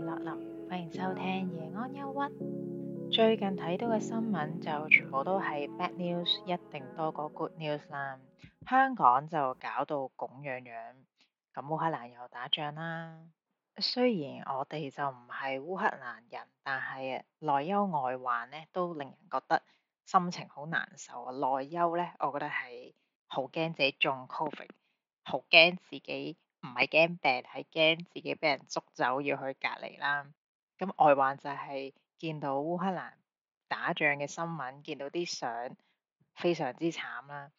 落歡迎收聽夜安憂鬱。最近睇到嘅新聞就全部都係 bad news，一定多過 good news 啦。香港就搞到咁樣樣，咁烏克蘭又打仗啦。雖然我哋就唔係烏克蘭人，但係內憂外患呢都令人覺得心情好難受啊。內憂呢，我覺得係好驚自己中 COVID，好驚自己。唔係驚病，係驚自己俾人捉走要去隔離啦。咁外患就係見到烏克蘭打仗嘅新聞，見到啲相非常之慘啦。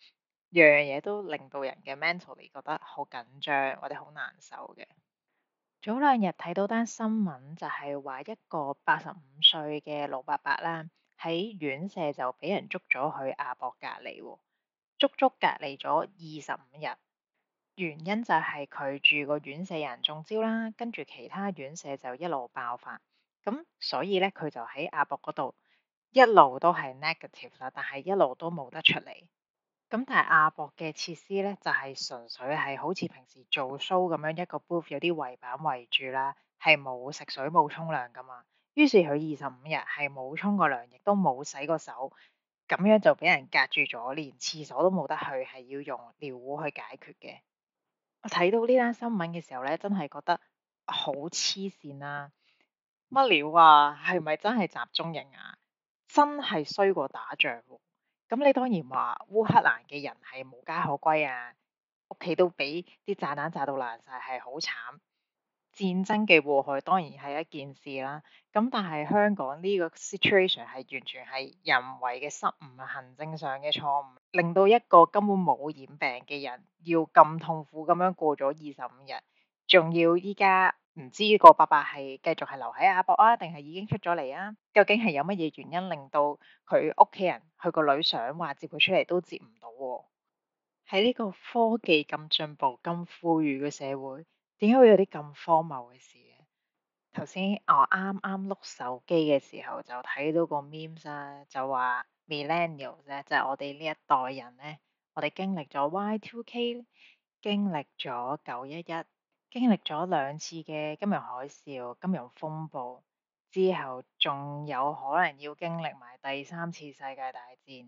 樣樣嘢都令到人嘅 mentally 覺得好緊張，我哋好難受嘅。早兩日睇到單新聞就係話一個八十五歲嘅老伯伯啦，喺院舍就俾人捉咗去亞博隔離喎，足足隔離咗二十五日。原因就係佢住個院舍人中招啦，跟住其他院舍就一路爆發，咁所以咧佢就喺亞博嗰度一路都係 negative 啦，但係一路都冇得出嚟。咁但係亞博嘅設施咧就係、是、純粹係好似平時做 show 咁樣一個 booth 有啲圍板圍住啦，係冇食水冇沖涼㗎嘛。於是佢二十五日係冇沖過涼，亦都冇洗過手，咁樣就俾人隔住咗，連廁所都冇得去，係要用尿壺去解決嘅。我睇到呢單新聞嘅時候咧，真係覺得好黐線啦！乜料啊，係咪、啊、真係集中營啊？真係衰過打仗喎、啊！咁你當然話烏克蘭嘅人係無家可歸啊，屋企都畀啲炸彈炸到爛晒，係好慘。戰爭嘅禍害當然係一件事啦、啊，咁但係香港呢個 situation 係完全係人為嘅失誤，行政上嘅錯誤。令到一個根本冇染病嘅人要咁痛苦咁樣過咗二十五日，仲要依家唔知個伯伯係繼續係留喺亞博啊，定係已經出咗嚟啊？究竟係有乜嘢原因令到佢屋企人佢個女想話接佢出嚟都接唔到啊？喺呢個科技咁進步、咁富裕嘅社會，點解會有啲咁荒謬嘅事？頭先我啱啱碌手機嘅時候，就睇到個 memes 啊，就話 millennial 咧，就係我哋呢一代人咧，我哋經歷咗 Y2K，經歷咗九一一，經歷咗兩次嘅金融海嘯、金融風暴，之後仲有可能要經歷埋第三次世界大戰。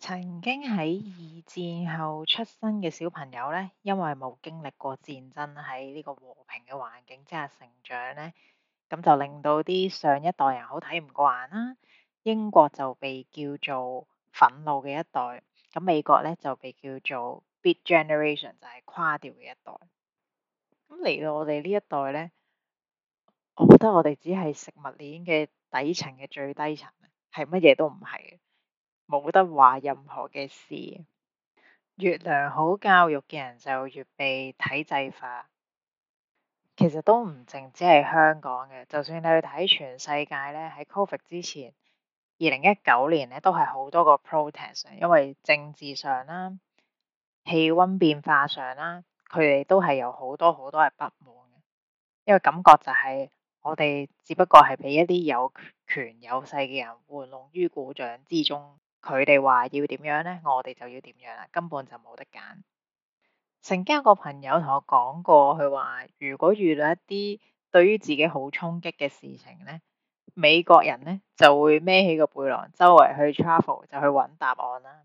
曾經喺二戰後出生嘅小朋友咧，因為冇經歷過戰爭，喺呢個和平嘅環境之下成長咧，咁就令到啲上一代人好睇唔慣啦。英國就被叫做憤怒嘅一代，咁美國咧就被叫做 beat generation，就係垮掉嘅一代。咁嚟到我哋呢一代咧，我覺得我哋只係食物鏈嘅底層嘅最低層，係乜嘢都唔係嘅。冇得話任何嘅事，越良好教育嘅人就越被體制化。其實都唔淨止係香港嘅，就算你去睇全世界咧，喺 Covid 之前，二零一九年咧都係好多個 protest，因為政治上啦、氣溫變化上啦，佢哋都係有好多好多係不滿嘅，因為感覺就係、是、我哋只不過係俾一啲有權有勢嘅人玩弄於股掌之中。佢哋話要點樣呢？我哋就要點樣啦，根本就冇得揀。曾經有個朋友同我講過，佢話如果遇到一啲對於自己好衝擊嘅事情呢，美國人呢就會孭起個背囊，周圍去 travel 就去揾答案啦。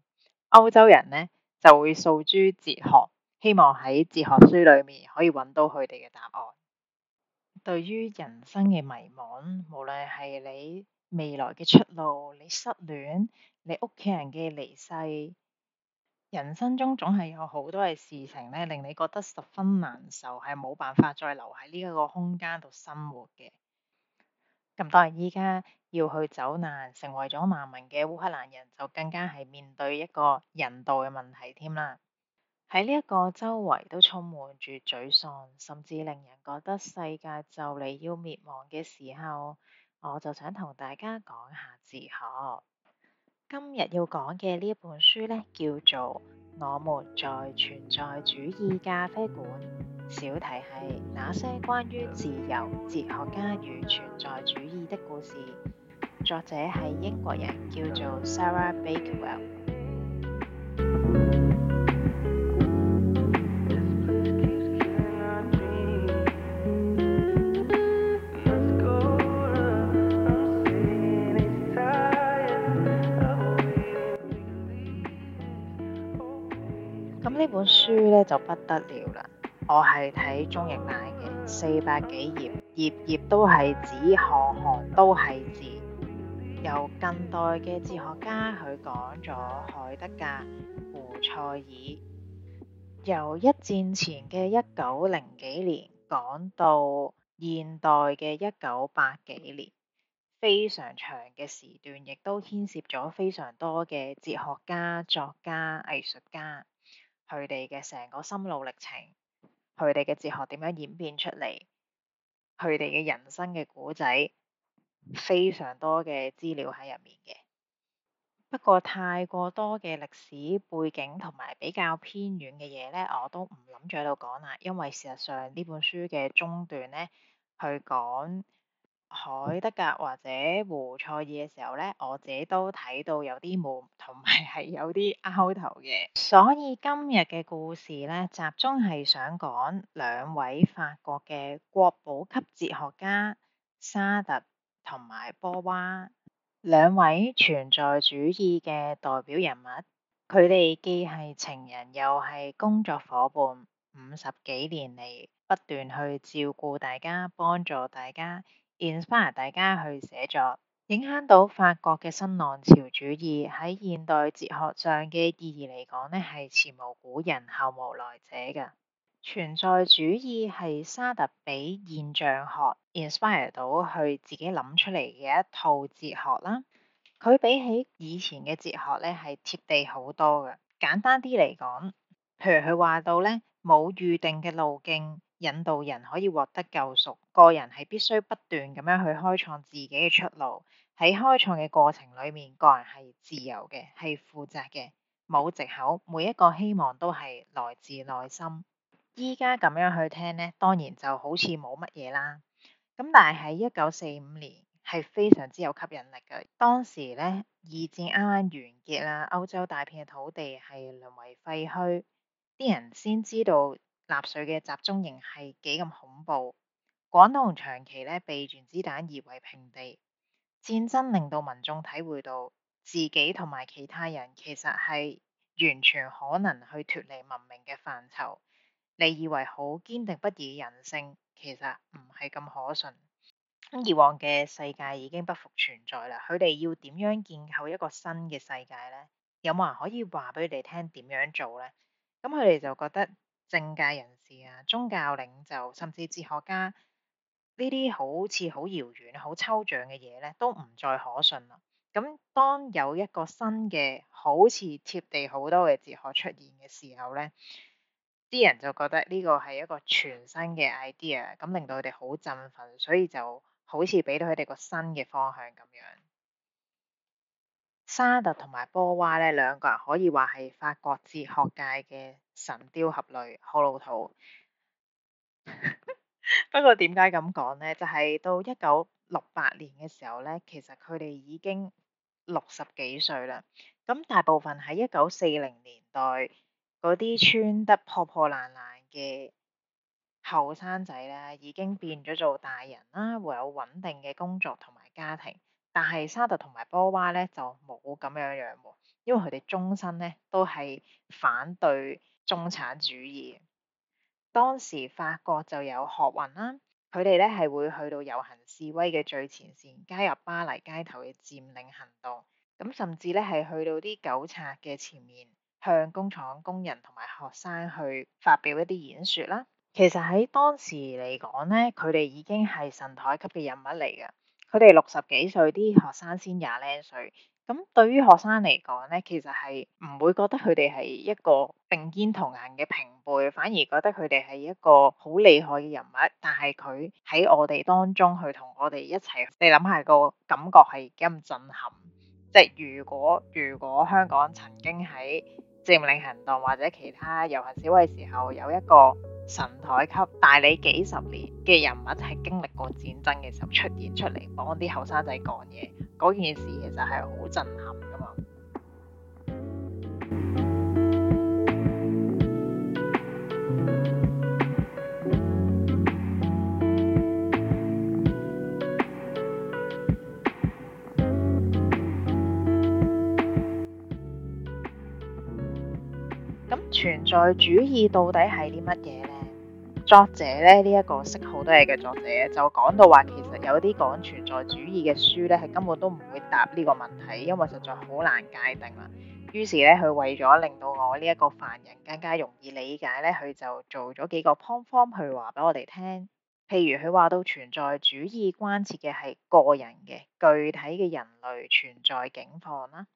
歐洲人呢就會訴諸哲學，希望喺哲學書裏面可以揾到佢哋嘅答案。對於人生嘅迷茫，無論係你未來嘅出路，你失戀。你屋企人嘅離世，人生中總係有好多嘅事情咧，令你覺得十分難受，係冇辦法再留喺呢一個空間度生活嘅。咁當然，而家要去走難，成為咗難民嘅烏克蘭人，就更加係面對一個人道嘅問題添啦。喺呢一個周圍都充滿住沮喪，甚至令人覺得世界就嚟要滅亡嘅時候，我就想同大家講下自學。今日要講嘅呢一本書咧，叫做《我們在存在主義咖啡館》，小題係那些關於自由、哲學家與存在主義的故事。作者係英國人，叫做 Sarah Bakewell。呢本書咧就不得了啦！我係睇中譯版嘅，四百幾頁，頁頁都係字，行行都係字。由近代嘅哲學家佢講咗海德格、胡塞爾，由一戰前嘅一九零幾年講到現代嘅一九八幾年，非常長嘅時段，亦都牽涉咗非常多嘅哲學家、作家、藝術家。佢哋嘅成個心路歷程，佢哋嘅哲學點樣演變出嚟，佢哋嘅人生嘅古仔，非常多嘅資料喺入面嘅。不過太過多嘅歷史背景同埋比較偏遠嘅嘢咧，我都唔諗住喺度講啦，因為事實上呢本書嘅中段咧，佢講海德格或者胡塞爾嘅時候咧，我自己都睇到有啲悶，同埋係有啲拗頭嘅。所以今日嘅故事咧，集中係想講兩位法國嘅國寶級哲學家沙特同埋波娃，兩位存在主義嘅代表人物。佢哋既係情人，又係工作夥伴，五十幾年嚟，不斷去照顧大家，幫助大家。inspire 大家去寫作，影響到法國嘅新浪潮主義。喺現代哲學上嘅意義嚟講呢，係前無古人後無來者嘅。存在主義係沙特俾現象學 inspire 到佢自己諗出嚟嘅一套哲學啦。佢比起以前嘅哲學呢，係貼地好多嘅。簡單啲嚟講，譬如佢話到呢，冇預定嘅路徑。引導人可以獲得救贖，個人係必須不斷咁樣去開創自己嘅出路。喺開創嘅過程裏面，個人係自由嘅，係負責嘅，冇藉口。每一個希望都係來自內心。依家咁樣去聽呢，當然就好似冇乜嘢啦。咁但係喺一九四五年係非常之有吸引力嘅。當時呢，二戰啱啱完結啦，歐洲大片嘅土地係淪為廢墟，啲人先知道。納粹嘅集中營係幾咁恐怖，廣島長崎呢，被原子彈夷為平地，戰爭令到民眾體會到自己同埋其他人其實係完全可能去脫離文明嘅範疇。你以為好堅定不移嘅人性，其實唔係咁可信。咁以往嘅世界已經不復存在啦，佢哋要點樣建構一個新嘅世界呢？有冇人可以話俾佢哋聽點樣做呢？咁佢哋就覺得。政界人士啊、宗教領袖甚至哲學家，呢啲好似好遙遠、好抽象嘅嘢咧，都唔再可信啦。咁當有一個新嘅好似貼地好多嘅哲學出現嘅時候咧，啲人就覺得呢個係一個全新嘅 idea，咁令到佢哋好振奮，所以就好似俾到佢哋個新嘅方向咁樣。沙特同埋波娃咧，兩個人可以話係法國哲學界嘅。神雕俠侶好老土， 不過點解咁講呢？就係到一九六八年嘅時候呢，其實佢哋已經六十幾歲啦。咁大部分喺一九四零年代嗰啲穿得破破爛爛嘅後生仔呢，已經變咗做大人啦，會有穩定嘅工作同埋家庭。但係沙特同埋波娃呢，就冇咁樣樣喎。因為佢哋終身咧都係反對中產主義。當時法國就有學運啦，佢哋咧係會去到遊行示威嘅最前線，加入巴黎街頭嘅佔領行動。咁甚至咧係去到啲糾察嘅前面，向工廠工人同埋學生去發表一啲演說啦。其實喺當時嚟講咧，佢哋已經係神台級嘅人物嚟㗎。佢哋六十幾歲，啲學生先廿零歲。咁對於學生嚟講咧，其實係唔會覺得佢哋係一個並肩同行嘅平輩，反而覺得佢哋係一個好厲害嘅人物。但係佢喺我哋當中去同我哋一齊，你諗下個感覺係幾咁震撼。即係如果如果香港曾經喺佔領行動或者其他遊行示威嘅時候有一個。神台級大你幾十年嘅人物，係經歷過戰爭嘅時候出現出嚟幫啲後生仔講嘢，嗰件事其實係好震撼㗎嘛。咁電影存在主義到底係啲乜嘢？作者咧呢一個識好多嘢嘅作者就講到話，其實有啲講存在主義嘅書咧，係根本都唔會答呢個問題，因為實在好難界定啦。於是咧，佢為咗令到我呢一個凡人更加容易理解咧，佢就做咗幾個方 e 去話俾我哋聽。譬如佢話到存在主義關切嘅係個人嘅具體嘅人類存在境況啦。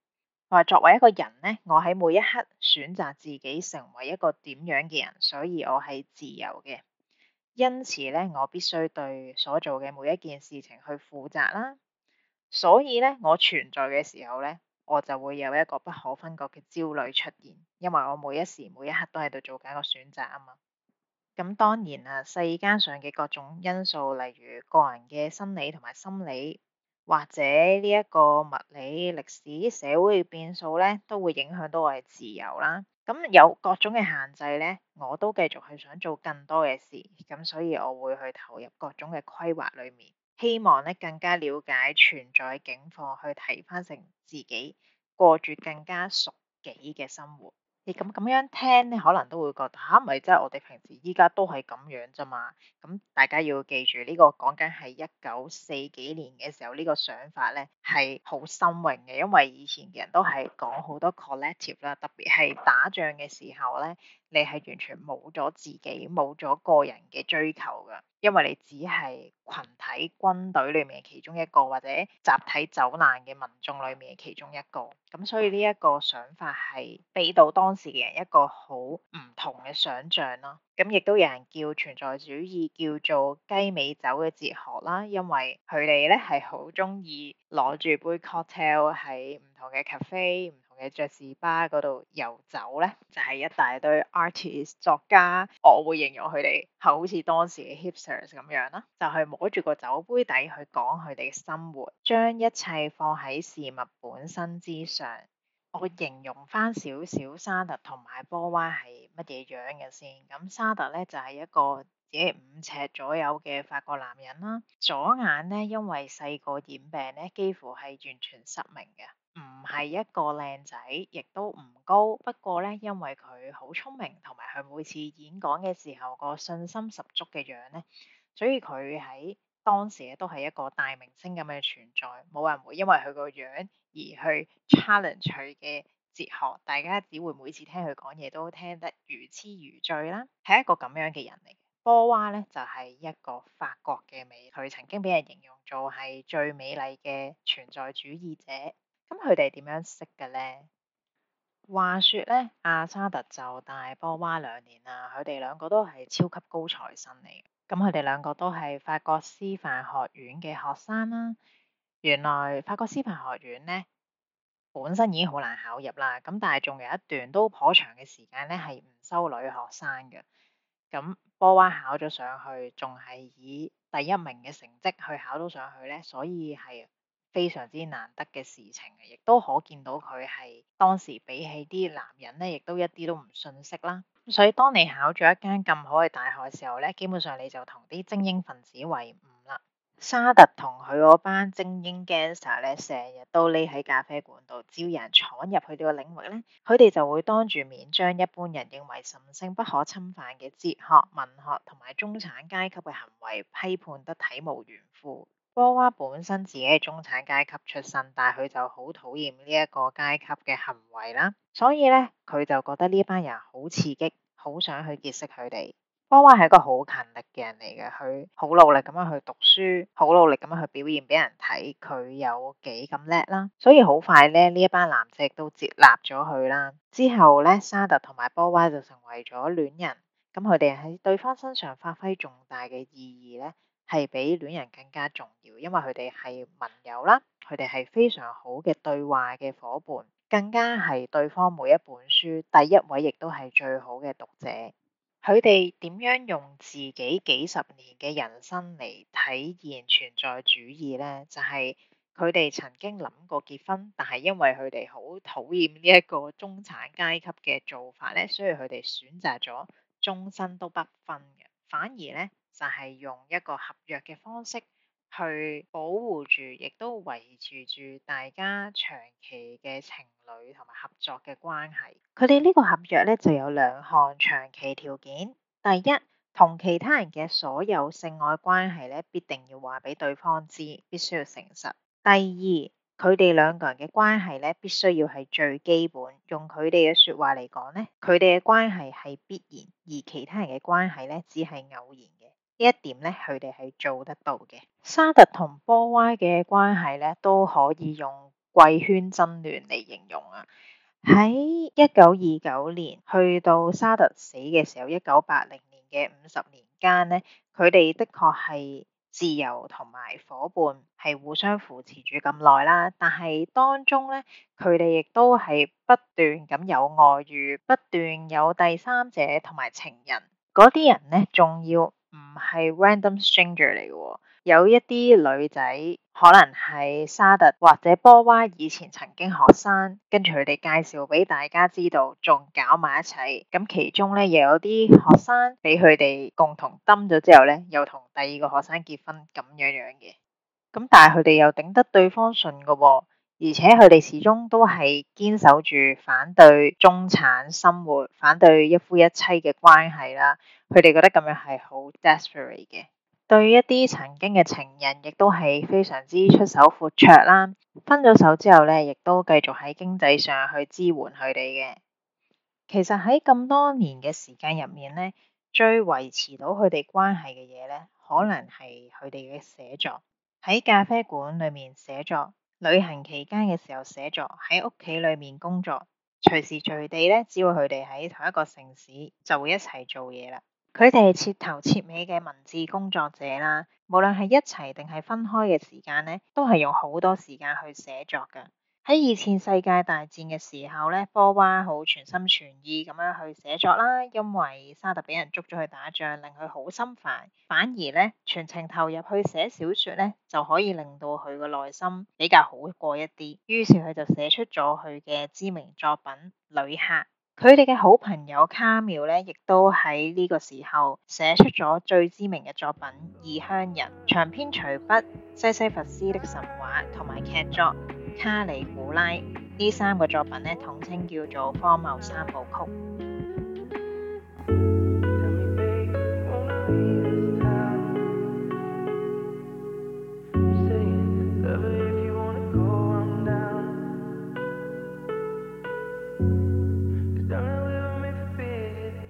我作為一個人咧，我喺每一刻選擇自己成為一個點樣嘅人，所以我係自由嘅。因此咧，我必須對所做嘅每一件事情去負責啦。所以咧，我存在嘅時候咧，我就會有一個不可分割嘅焦慮出現，因為我每一時每一刻都喺度做緊一個選擇啊嘛。咁當然啊，世間上嘅各種因素，例如個人嘅生理同埋心理。或者呢一個物理、歷史、社會嘅變數咧，都會影響到我嘅自由啦。咁有各種嘅限制咧，我都繼續去想做更多嘅事，咁所以我會去投入各種嘅規劃裡面，希望咧，更加了解存在境況，去睇翻成自己過住更加熟悉嘅生活。你咁咁樣聽咧，可能都會覺得嚇，咪即係我哋平時依家都係咁樣啫嘛。咁大家要記住，呢個講緊係一九四幾年嘅時候，呢個想法咧係好新穎嘅，因為以前嘅人都係講好多 collective 啦，特別係打仗嘅時候咧。你係完全冇咗自己，冇咗個人嘅追求㗎，因為你只係群體軍隊裏面嘅其中一個，或者集體走難嘅民眾裏面嘅其中一個。咁所以呢一個想法係俾到當時嘅人一個好唔同嘅想像咯。咁亦都有人叫存在主義叫做雞尾酒嘅哲學啦，因為佢哋咧係好鍾意攞住杯 cocktail 喺唔同嘅 cafe 嘅爵士吧嗰度遊走咧，就係一大堆 artist 作家。我會形容佢哋好似當時嘅 hipsters 咁樣啦，就係摸住個酒杯底去講佢哋嘅生活，將一切放喺事物本身之上。我會形容翻少少沙特同埋波娃係乜嘢樣嘅先。咁沙特咧就係一個只係五尺左右嘅法國男人啦，左眼咧因為細個染病咧，幾乎係完全失明嘅。唔係一個靚仔，亦都唔高。不過咧，因為佢好聰明，同埋佢每次演講嘅時候個信心十足嘅樣咧，所以佢喺當時都係一個大明星咁嘅存在。冇人會因為佢個樣而去 challenge 佢嘅哲學。大家只會每次聽佢講嘢都聽得如痴如醉啦。係一個咁樣嘅人嚟嘅。波娃咧就係、是、一個法國嘅美，佢曾經俾人形容做係最美麗嘅存在主義者。咁佢哋點樣識嘅咧？話說咧，阿沙特就大波娃兩年啦，佢哋兩個都係超級高材生嚟嘅。咁佢哋兩個都係法國師範學院嘅學生啦、啊。原來法國師範學院咧，本身已經好難考入啦。咁但係仲有一段都頗長嘅時間咧，係唔收女學生嘅。咁波娃考咗上去，仲係以第一名嘅成績去考到上去咧，所以係。非常之難得嘅事情，亦都可見到佢係當時比起啲男人呢，亦都一啲都唔遜色啦。所以當你考咗一間咁好嘅大學嘅時候呢，基本上你就同啲精英分子為伍啦。沙特同佢嗰班精英 gang 咧，成日都匿喺咖啡館度招人闖入佢哋個領域呢，佢哋就會當住面將一般人認為神聖不可侵犯嘅哲學、文學同埋中產階級嘅行為批判得體無完膚。波娃本身自己係中產階級出身，但係佢就好討厭呢一個階級嘅行為啦，所以咧佢就覺得呢班人好刺激，好想去結識佢哋。波娃係一個好勤力嘅人嚟嘅，佢好努力咁樣去讀書，好努力咁樣去表現俾人睇佢有幾咁叻啦，所以好快咧呢一班男仔都接納咗佢啦。之後咧，沙特同埋波娃就成為咗戀人，咁佢哋喺對方身上發揮重大嘅意義咧。係比戀人更加重要，因為佢哋係盟友啦，佢哋係非常好嘅對話嘅伙伴，更加係對方每一本書第一位，亦都係最好嘅讀者。佢哋點樣用自己幾十年嘅人生嚟體現存在主義呢？就係佢哋曾經諗過結婚，但係因為佢哋好討厭呢一個中產階級嘅做法咧，所以佢哋選擇咗終身都不婚嘅。反而咧，就係用一個合約嘅方式去保護住，亦都維持住大家長期嘅情侶同埋合作嘅關係。佢哋呢個合約咧就有兩項長期條件：第一，同其他人嘅所有性愛關係咧，必定要話俾對方知，必須要誠實。第二佢哋兩個人嘅關係咧，必須要係最基本。用佢哋嘅說話嚟講咧，佢哋嘅關係係必然，而其他人嘅關係咧，只係偶然嘅。呢一點咧，佢哋係做得到嘅。沙特同波娃嘅關係咧，都可以用貴圈真亂嚟形容啊。喺一九二九年去到沙特死嘅時候，一九八零年嘅五十年間咧，佢哋的確係。自由同埋伙伴係互相扶持住咁耐啦，但係當中咧，佢哋亦都係不斷咁有外遇，不斷有第三者同埋情人，嗰啲人咧仲要唔係 random stranger 嚟嘅。有一啲女仔可能係沙特或者波娃以前曾經學生，跟住佢哋介紹畀大家知道仲搞埋一齊，咁其中呢，又有啲學生畀佢哋共同抌咗之後呢，又同第二個學生結婚咁樣樣嘅，咁但係佢哋又頂得對方順㗎喎，而且佢哋始終都係堅守住反對中產生活、反對一夫一妻嘅關係啦，佢哋覺得咁樣係好 desperate 嘅。對於一啲曾經嘅情人，亦都係非常之出手闊綽啦。分咗手之後咧，亦都繼續喺經濟上去支援佢哋嘅。其實喺咁多年嘅時間入面咧，最維持到佢哋關係嘅嘢咧，可能係佢哋嘅寫作。喺咖啡館裏面寫作，旅行期間嘅時候寫作，喺屋企裏面工作，隨時隨地咧，只要佢哋喺同一個城市，就會一齊做嘢啦。佢哋係徹頭徹尾嘅文字工作者啦，無論係一齊定係分開嘅時間咧，都係用好多時間去寫作㗎。喺二次世界大戰嘅時候咧，波娃好全心全意咁樣去寫作啦，因為沙特俾人捉咗去打仗，令佢好心煩，反而咧，全程投入去寫小説咧，就可以令到佢個內心比較好過一啲，於是佢就寫出咗佢嘅知名作品《女客》。佢哋嘅好朋友卡繆咧，亦都喺呢個時候寫出咗最知名嘅作品《異鄉人》、長篇隨筆《西西弗斯的神話》同埋劇作《卡里古拉》呢三個作品咧，統稱叫做荒謬三部曲。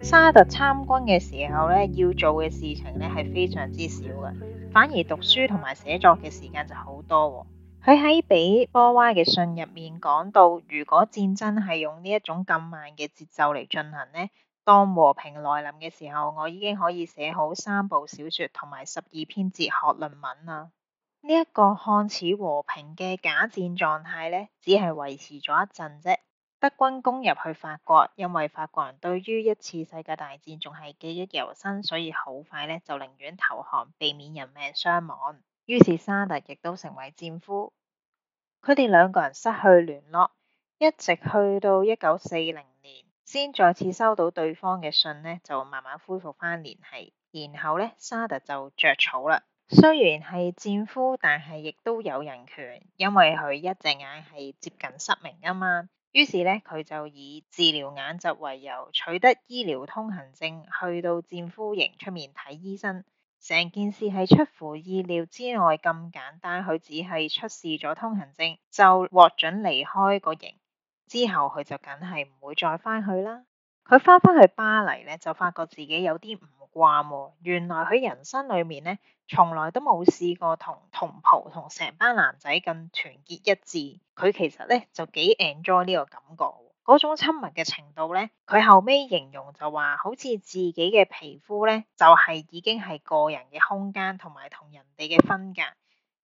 沙特參軍嘅時候咧，要做嘅事情咧係非常之少嘅，反而讀書同埋寫作嘅時間就好多喎。佢喺畀波娃嘅信入面講到，如果戰爭係用呢一種咁慢嘅節奏嚟進行呢，當和平來臨嘅時候，我已經可以寫好三部小説同埋十二篇哲學論文啦。呢一個看似和平嘅假戰狀態呢，只係維持咗一陣啫。德軍攻入去法國，因為法國人對於一次世界大戰仲係記憶猶新，所以好快咧就寧願投降，避免人命傷亡。於是沙特亦都成為戰俘。佢哋兩個人失去聯絡，一直去到一九四零年，先再次收到對方嘅信呢就慢慢恢復翻聯繫。然後咧，沙特就着草啦。雖然係戰俘，但係亦都有人權，因為佢一隻眼係接近失明啊嘛。於是咧，佢就以治療眼疾為由取得醫療通行證，去到戰俘營出面睇醫生。成件事係出乎意料之外咁簡單，佢只係出示咗通行證就獲准離開個營。之後佢就梗係唔會再返去啦。佢返返去巴黎咧，就發覺自己有啲唔話喎，原來佢人生裏面呢，從來都冇試過同同袍同成班男仔咁團結一致。佢其實呢，就幾 enjoy 呢個感覺，嗰種親密嘅程度呢，佢後尾形容就話，好似自己嘅皮膚呢，就係已經係個人嘅空間，同埋同人哋嘅分隔。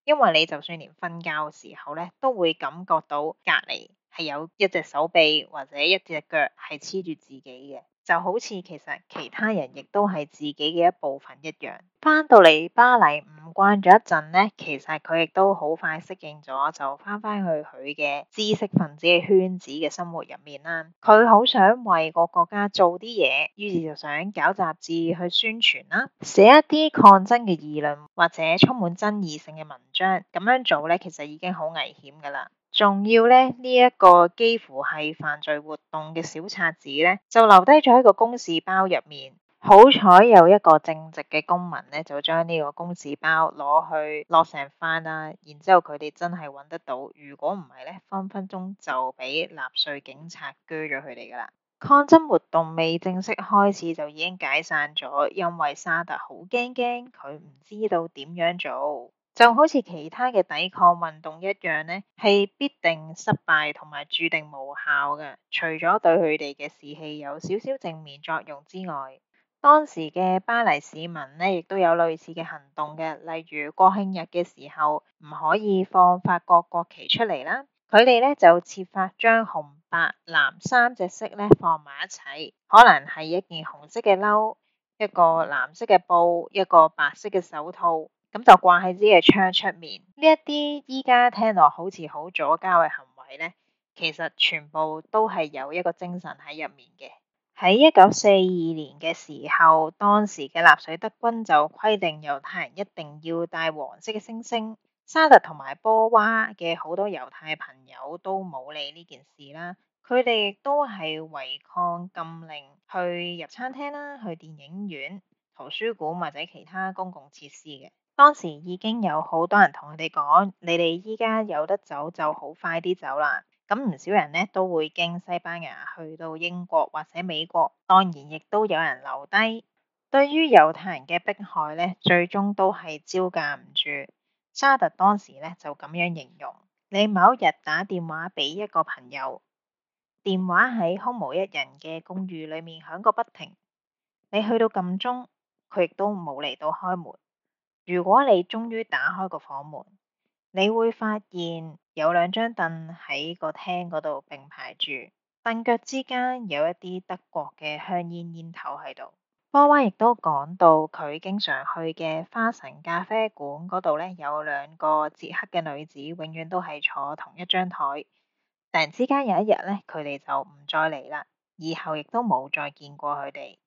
因為你就算連瞓覺嘅時候呢，都會感覺到隔離係有一隻手臂或者一隻腳係黐住自己嘅。就好似其實其他人亦都係自己嘅一部分一樣。返到嚟巴黎唔慣咗一陣呢，其實佢亦都好快適應咗，就返返去佢嘅知識分子嘅圈子嘅生活入面啦。佢好想為個國家做啲嘢，於是就想搞雜誌去宣傳啦，寫一啲抗爭嘅議論或者充滿爭議性嘅文章。咁樣做咧，其實已經好危險噶啦。仲要呢，呢、這、一個幾乎係犯罪活動嘅小冊子呢，就留低咗喺個公事包入面。好彩有一個正直嘅公民呢，就將呢個公事包攞去落成翻啦。然之後佢哋真係揾得到。如果唔係呢，分分鐘就俾納稅警察拘咗佢哋㗎喇。抗爭活動未正式開始就已經解散咗，因為沙特好驚驚，佢唔知道點樣做。就好似其他嘅抵抗運動一樣呢，係必定失敗同埋注定無效嘅，除咗對佢哋嘅士氣有少少正面作用之外，當時嘅巴黎市民呢，亦都有類似嘅行動嘅，例如國慶日嘅時候唔可以放法國國旗出嚟啦，佢哋呢就設法將紅、白、藍三隻色呢放埋一齊，可能係一件紅色嘅褸，一個藍色嘅布，一個白色嘅手套。咁就掛喺呢個窗出面。呢一啲依家聽落好似好左膠嘅行為呢，其實全部都係有一個精神喺入面嘅。喺一九四二年嘅時候，當時嘅納粹德軍就規定猶太人一定要戴黃色嘅星星。沙特同埋波娃嘅好多猶太朋友都冇理呢件事啦，佢哋都係違抗禁令去入餐廳啦、去電影院、圖書館或者其他公共設施嘅。當時已經有好多人同佢哋講，你哋而家有得走就好快啲走啦。咁唔少人呢都會經西班牙去到英國或者美國，當然亦都有人留低。對於猶太人嘅迫害呢，最終都係招架唔住。沙特當時呢就咁樣形容：你某日打電話俾一個朋友，電話喺空無一人嘅公寓裏面響個不停，你去到㩒鐘，佢亦都冇嚟到開門。如果你終於打開個房門，你會發現有兩張凳喺個廳嗰度並排住，凳腳之間有一啲德國嘅香煙煙頭喺度。波娃亦都講到佢經常去嘅花神咖啡館嗰度呢，有兩個捷克嘅女子永遠都係坐同一張台。突然之間有一日呢，佢哋就唔再嚟啦，以後亦都冇再見過佢哋。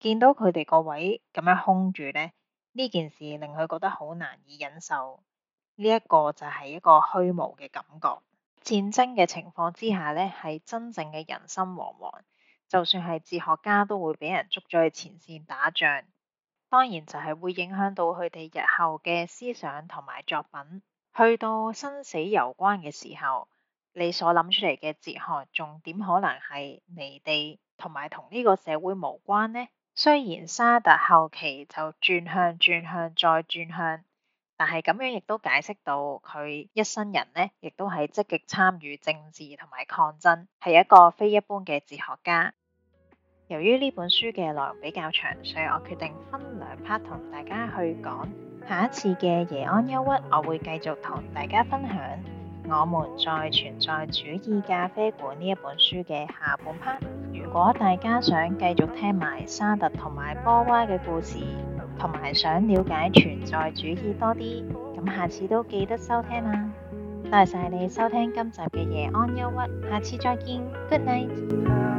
見到佢哋個位咁樣空住呢。呢件事令佢覺得好難以忍受，呢、這個、一個就係一個虛無嘅感覺。戰爭嘅情況之下呢，係真正嘅人心惶惶，就算係哲學家都會俾人捉咗去前線打仗，當然就係會影響到佢哋日後嘅思想同埋作品。去到生死攸關嘅時候，你所諗出嚟嘅哲學重點可能係你哋同埋同呢個社會無關呢。雖然沙特後期就轉向、轉向、再轉向，但係咁樣亦都解釋到佢一生人呢，亦都係積極參與政治同埋抗爭，係一個非一般嘅哲學家。由於呢本書嘅內容比較長，所以我決定分兩 part 同大家去講。下一次嘅耶安憂鬱，我會繼續同大家分享我們在存在主義咖啡館呢一本書嘅下半 part。如果大家想繼續聽埋沙特同埋波娃嘅故事，同埋想了解存在主義多啲，咁下次都記得收聽啦。多謝晒你收聽今集嘅夜安憂鬱，下次再見，Good night。